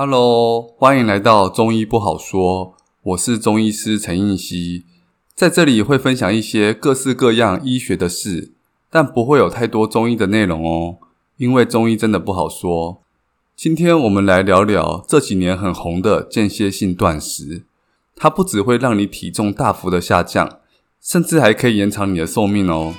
Hello，歡迎來到中醫不好說，我是中醫師陳應希，在這裡會分享一些各式各樣醫學的事，但不會有太多中醫的內容哦，因為中醫真的不好說。今天我們來聊聊這幾年很紅的間歇性斷食，它不只會讓你體重大幅的下降，甚至還可以延長你的壽命哦。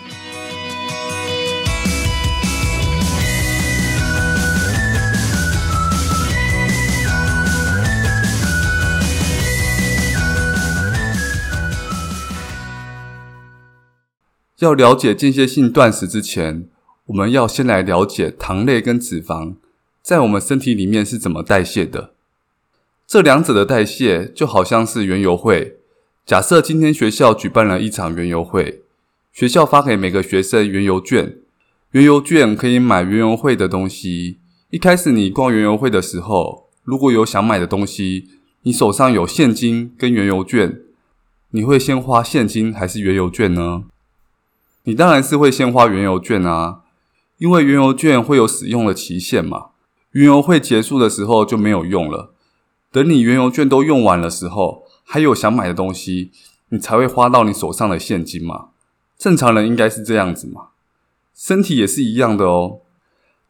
要了解間歇性斷食之前，我們要先來了解糖類跟脂肪在我們身體裡面是怎麼代謝的。這兩者的代謝就好像是園遊會。假設今天學校舉辦了一場園遊會，學校發給每個學生園遊券，園遊券可以買園遊會的東西。一開始你逛園遊會的時候，如果有想買的東西，你手上有現金跟園遊券，你會先花現金還是園遊券呢？你當然是會先花園遊券啊，因為園遊券會有使用的期限嘛。園遊會結束的時候就沒有用了。等你園遊券都用完了時候，還有想買的東西，你才會花到你手上的現金嘛。正常人應該是這樣子嘛。身體也是一樣的哦。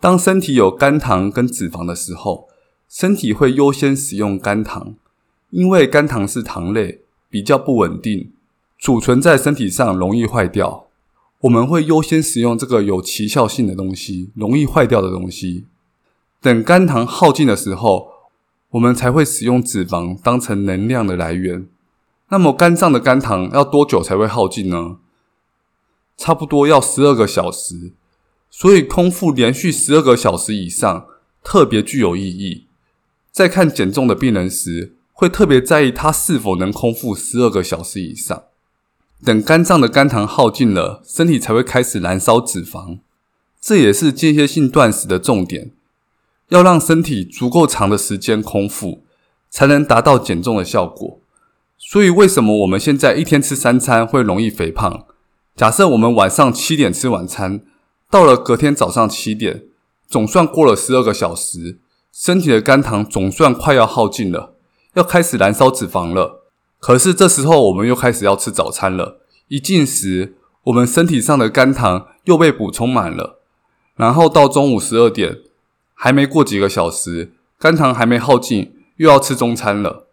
當身體有肝糖跟脂肪的時候，身體會優先使用肝糖，因為肝糖是糖類，比較不穩定，儲存在身體上容易壞掉。我們會優先使用這個有期效性的東西，容易壞掉的東西。等肝糖耗盡的時候，我們才會使用脂肪當成能量的來源。那麼肝臟的肝糖要多久才會耗盡呢？差不多要十二個小時。所以空腹連續十二個小時以上，特別具有意義。在看減重的病人時，會特別在意他是否能空腹十二個小時以上。等肝臟的肝糖耗盡了，身體才會開始燃燒脂肪。這也是間歇性斷食的重點，要讓身體足夠長的時間空腹，才能達到減重的效果。所以，為什麼我們現在一天吃三餐會容易肥胖？假設我們晚上七點吃晚餐，到了隔天早上七點，總算過了十二個小時，身體的肝糖總算快要耗盡了，要開始燃燒脂肪了。可是這時候，我們又開始要吃早餐了。一進食，我們身體上的肝糖又被補充滿了。然後到中午十二點，還沒過幾個小時，肝糖還沒耗盡，又要吃中餐了。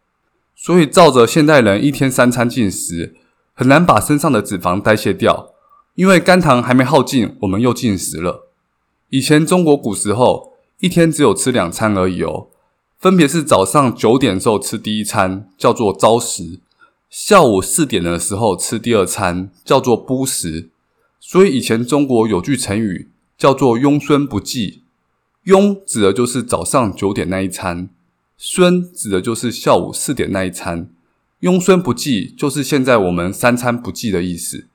所以，照着現代人一天三餐進食，很難把身上的脂肪代謝掉，因為肝糖還沒耗盡，我們又進食了。以前中國古時候，一天只有吃兩餐而已哦。分別是早上九點的時候吃第一餐，叫做朝食；下午四點的時候吃第二餐，叫做晡食。所以以前中國有句成語叫做“饔飧不繼”。“饔”指的就是早上九點那一餐，“飧”指的就是下午四點那一餐。“饔飧不繼”就是現在我們三餐不繼的意思，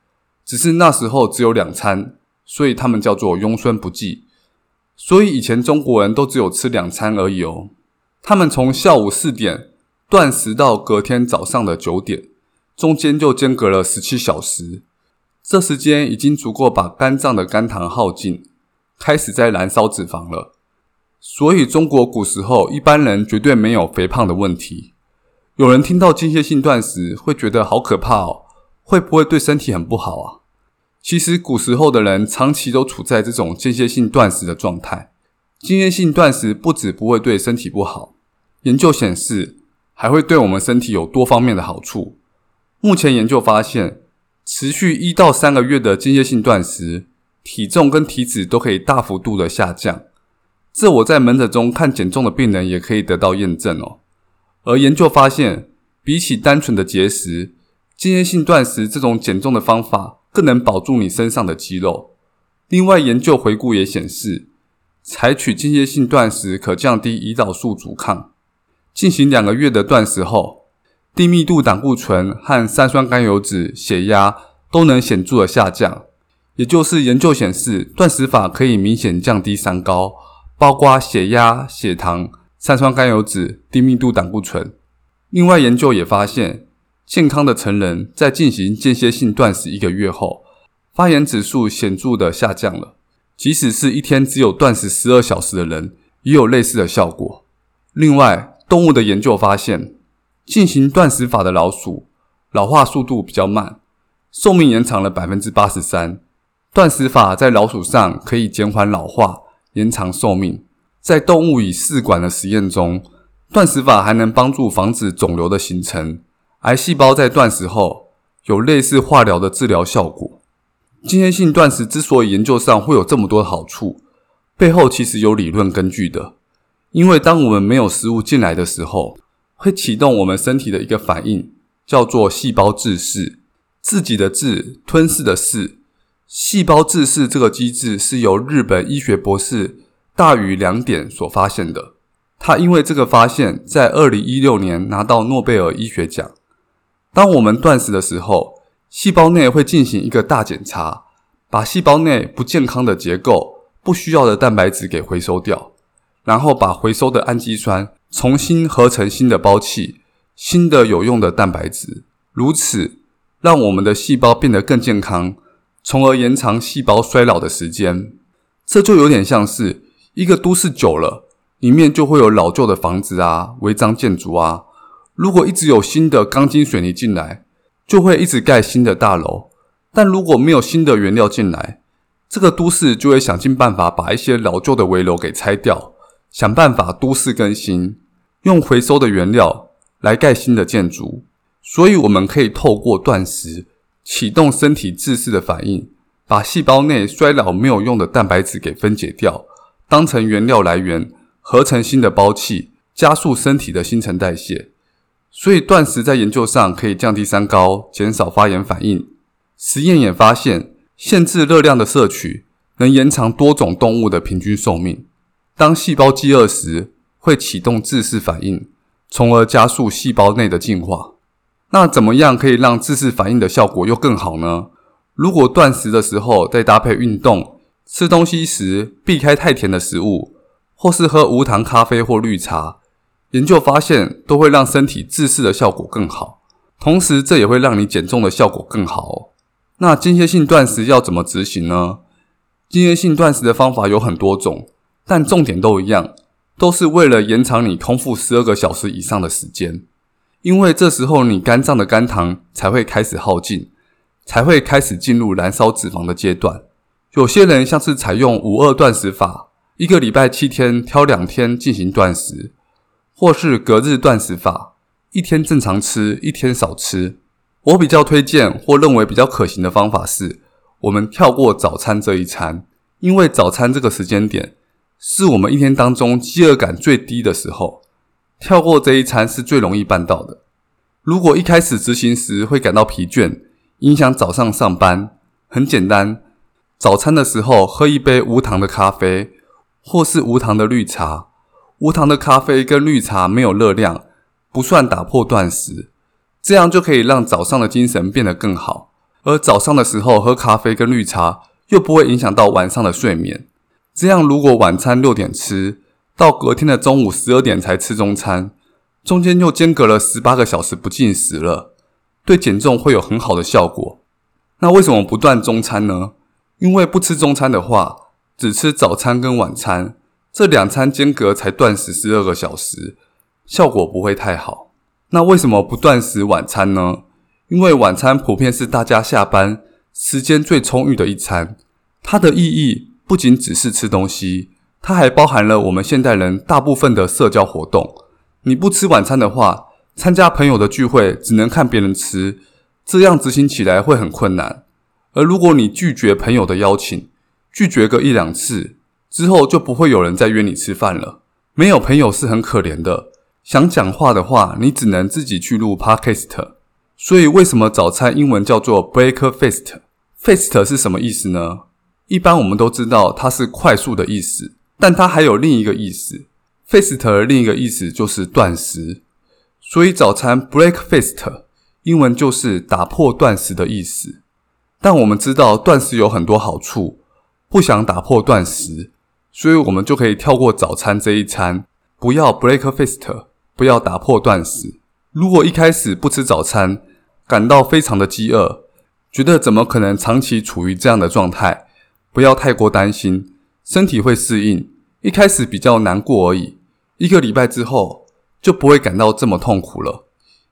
只是那時候只有兩餐，所以他們叫做“饔飧不繼”。所以以前中國人都只有吃兩餐而已哦。他們從下午四點斷食到隔天早上的九點，中間就間隔了十七小時，這時間已經足夠把肝臟的肝糖耗盡，開始在燃燒脂肪了。所以中國古時候一般人絕對沒有肥胖的問題。有人聽到間歇性斷食會覺得好可怕哦，會不會對身體很不好啊？其實古時候的人長期都處在這種間歇性斷食的狀態，間歇性斷食不只不會對身體不好。研究顯示，還會對我們身體有多方面的好處。目前研究發現，持續一到三個月的間歇性斷食，體重跟體脂都可以大幅度的下降。這我在門診中看減重的病人也可以得到驗證哦。而研究發現，比起單純的節食，間歇性斷食這種減重的方法更能保住你身上的肌肉。另外，研究回顧也顯示，採取間歇性斷食可降低胰島素阻抗。進行兩個月的斷食後，低密度膽固醇和三酸甘油酯、血壓都能顯著的下降。也就是研究顯示，斷食法可以明顯降低三高，包括血壓、血糖、三酸甘油酯、低密度膽固醇。另外，研究也發現，健康的成人在進行間歇性斷食一個月後，發炎指數顯著的下降了。即使是一天只有斷食十二小時的人，也有類似的效果。另外，動物的研究發現，進行斷食法的老鼠老化速度比較慢，壽命延長了百分之八十三。斷食法在老鼠上可以減緩老化、延長壽命。在動物與試管的實驗中，斷食法還能幫助防止腫瘤的形成。癌細胞在斷食後有類似化療的治療效果。間歇性斷食之所以研究上會有這麼多的好處，背後其實有理論根據的。因為當我們沒有食物進來的時候，會啟動我們身體的一個反應，叫做細胞自噬。自己的自，吞噬的噬。細胞自噬這個機制是由日本醫學博士大隅良典所發現的。他因為這個發現，在二零一六年拿到諾貝爾醫學獎。當我們斷食的時候，細胞內會進行一個大檢查，把細胞內不健康的結構、不需要的蛋白質給回收掉。然後把回收的氨基酸重新合成新的胞器、新的有用的蛋白質，如此讓我們的細胞變得更健康，從而延長細胞衰老的時間。這就有點像是一個都市久了，裡面就會有老舊的房子啊、違章建築啊。如果一直有新的鋼筋水泥進來，就會一直蓋新的大樓；但如果沒有新的原料進來，這個都市就會想盡辦法把一些老舊的危樓給拆掉。想辦法都市更新，用回收的原料來蓋新的建築，所以我們可以透過斷食啟動身體自噬的反應，把細胞內衰老沒有用的蛋白質給分解掉，當成原料來源，合成新的胞器，加速身體的新陳代謝。所以斷食在研究上可以降低三高，減少發炎反應。實驗也發現，限制熱量的攝取能延長多種動物的平均壽命。當細胞飢餓時，會啟動自噬反應，從而加速細胞內的進化。那怎麼樣可以讓自噬反應的效果又更好呢？如果斷食的時候再搭配運動，吃東西時避開太甜的食物，或是喝無糖咖啡或綠茶，研究發現都會讓身體自噬的效果更好。同時，這也會讓你減重的效果更好哦。那間歇性斷食要怎麼執行呢？間歇性斷食的方法有很多種。但重點都一樣，都是為了延長你空腹十二個小時以上的時間，因為這時候你肝臟的肝糖才會開始耗盡，才會開始進入燃燒脂肪的階段。有些人像是採用五二斷食法，一個禮拜七天挑兩天進行斷食，或是隔日斷食法，一天正常吃，一天少吃。我比較推薦或認為比較可行的方法是，我們跳過早餐這一餐，因為早餐這個時間點，是我們一天當中飢餓感最低的時候，跳過這一餐是最容易辦到的。如果一開始執行時會感到疲倦，影響早上上班，很簡單，早餐的時候喝一杯無糖的咖啡，或是無糖的綠茶。無糖的咖啡跟綠茶沒有熱量，不算打破斷食，這樣就可以讓早上的精神變得更好。而早上的時候喝咖啡跟綠茶，又不會影響到晚上的睡眠。這樣，如果晚餐六點吃到隔天的中午十二點才吃中餐，中間又間隔了十八個小時不進食了，對減重會有很好的效果。那為什麼不斷中餐呢？因為不吃中餐的話，只吃早餐跟晚餐，這兩餐間隔才斷食十二個小時，效果不會太好。那為什麼不斷食晚餐呢？因為晚餐普遍是大家下班時間最充裕的一餐，它的意義，不僅只是吃東西，它還包含了我們現代人大部分的社交活動。你不吃晚餐的話，參加朋友的聚會只能看別人吃，這樣執行起來會很困難。而如果你拒絕朋友的邀請，拒絕個一兩次，之後就不會有人再約你吃飯了。沒有朋友是很可憐的，想講話的話，你只能自己去錄 podcast。所以，為什麼早餐英文叫做 breakfast？fast 是什麼意思呢？一般我們都知道它是快速的意思，但它還有另一個意思。fast 的另一個意思就是斷食，所以早餐 breakfast 英文就是打破斷食的意思。但我們知道斷食有很多好處，不想打破斷食，所以我們就可以跳過早餐這一餐，不要 breakfast，不要打破斷食。如果一開始不吃早餐，感到非常的飢餓，覺得怎麼可能長期處於這樣的狀態？不要太過擔心，身體會適應。一開始比較難過而已，一個禮拜之後就不會感到這麼痛苦了。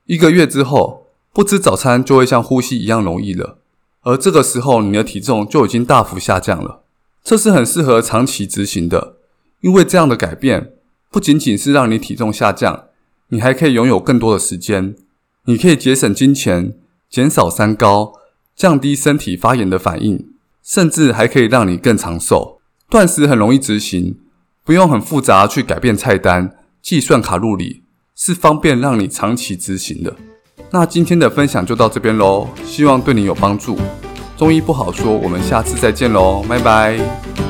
一個月之後，不吃早餐就會像呼吸一樣容易了。而這個時候，你的體重就已經大幅下降了。這是很適合長期執行的，因為這樣的改變不僅僅是讓你體重下降，你還可以擁有更多的時間，你可以節省金錢，減少三高，降低身體發炎的反應。甚至還可以讓你更長壽。斷食很容易執行，不用很複雜去改變菜單，計算卡路里是方便讓你長期執行的。那今天的分享就到這邊嘍，希望對你有幫助。中醫不好說，我們下次再見嘍，拜拜。